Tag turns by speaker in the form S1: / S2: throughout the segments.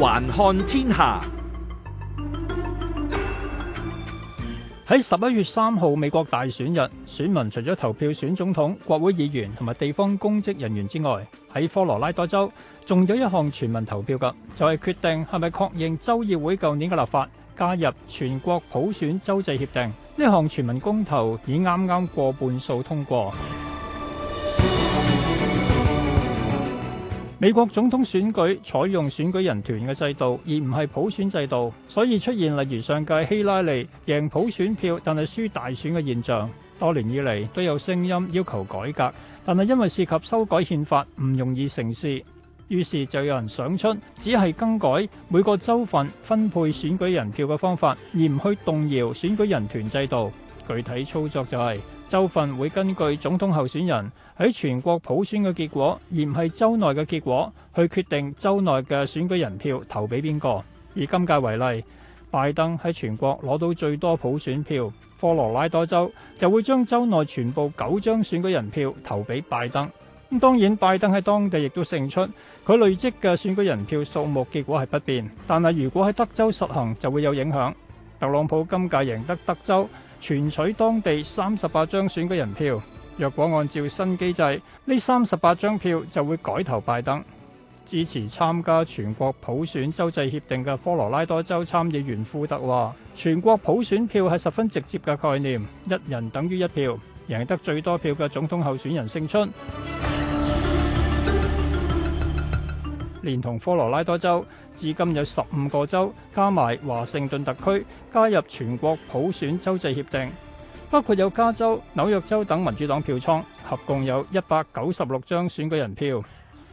S1: 環看天下，喺十一月三號美國大選日，選民除咗投票選總統、國會議員同埋地方公職人員之外，喺科羅拉多州仲有一項全民投票噶，就係決定係咪確認州議會舊年嘅立法加入全國普選州際協定，呢項全民公投已啱啱過半數通過。美國總統選舉採用選舉人團嘅制度，而唔係普選制度，所以出現例如上屆希拉里贏普選票但係輸大選嘅現象。多年以嚟都有聲音要求改革，但係因為涉及修改憲法，唔容易成事。於是就有人想出只係更改每個州份分配選舉人票嘅方法，而唔去動搖選舉人團制度。具體操作就係、是、州份會根據總統候選人喺全國普選嘅結果，而唔係州內嘅結果，去決定州內嘅選舉人票投俾邊個。以今屆為例，拜登喺全國攞到最多普選票，科羅拉多州就會將州內全部九張選舉人票投俾拜登。咁當然，拜登喺當地亦都勝出，佢累積嘅選舉人票數目結果係不變，但係如果喺德州實行，就會有影響。特朗普今屆贏得德州，全取當地三十八張選舉人票。若果按照新機制，呢三十八張票就會改投拜登。支持參加全國普選州際協定嘅科羅拉多州參議員富特話，全國普選票係十分直接嘅概念，一人等於一票，贏得最多票嘅總統候選人勝出。連同科羅拉多州。至今有十五個州加埋華盛頓特區加入全國普選州際協定，包括有加州、紐約州等民主黨票倉，合共有一百九十六張選舉人票。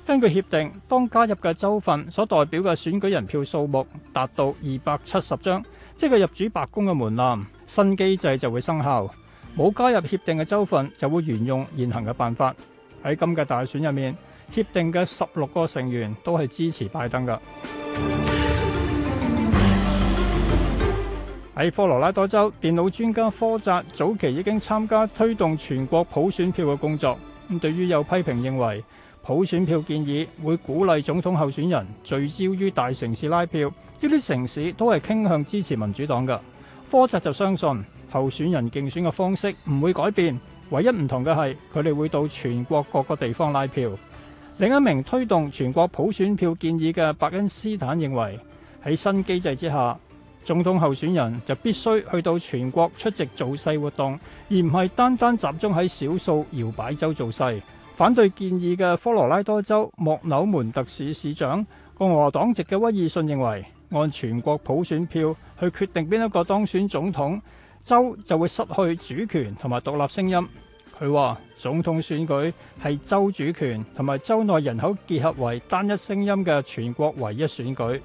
S1: 根據協定，當加入嘅州份所代表嘅選舉人票數目達到二百七十張，即係入主白宮嘅門檻，新機制就會生效。冇加入協定嘅州份就會沿用現行嘅辦法。喺今屆大選入面，協定嘅十六個成員都係支持拜登噶。喺科羅拉多州，電腦專家科澤早期已經參加推動全國普選票嘅工作。咁對於有批評認為普選票建議會鼓勵總統候選人聚焦於大城市拉票，呢啲城市都係傾向支持民主黨嘅。科澤就相信候選人競選嘅方式唔會改變，唯一唔同嘅係佢哋會到全國各個地方拉票。另一名推動全國普選票建議嘅伯恩斯坦認為，喺新機制之下，總統候選人就必須去到全國出席造勢活動，而唔係單單集中喺少數搖擺州造勢。反對建議嘅科羅拉多州莫紐門特市市長，共和黨籍嘅威爾遜認為，按全國普選票去決定邊一個當選總統，州就會失去主權同埋獨立聲音。佢話：總統選舉係州主權同埋州內人口結合為單一聲音嘅全國唯一選舉。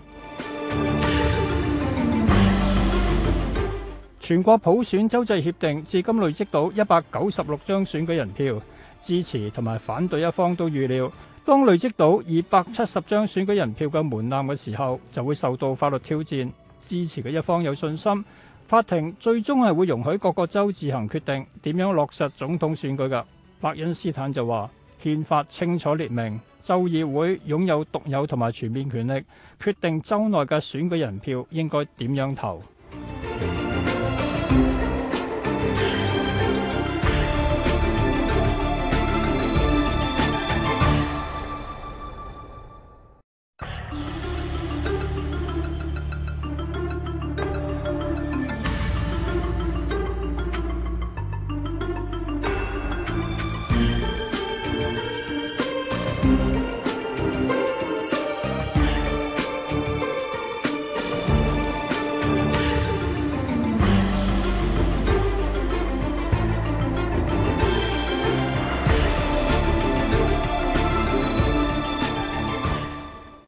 S1: 全國普選州際協定至今累積到一百九十六張選舉人票，支持同埋反對一方都預料，當累積到二百七十張選舉人票嘅門檻嘅時候，就會受到法律挑戰。支持嘅一方有信心。法庭最終係會容許各個州自行決定點樣落實總統選舉㗎。伯恩斯坦就話：憲法清楚列明，州議會擁有獨有同埋全面權力，決定州內嘅選舉人票應該點樣投。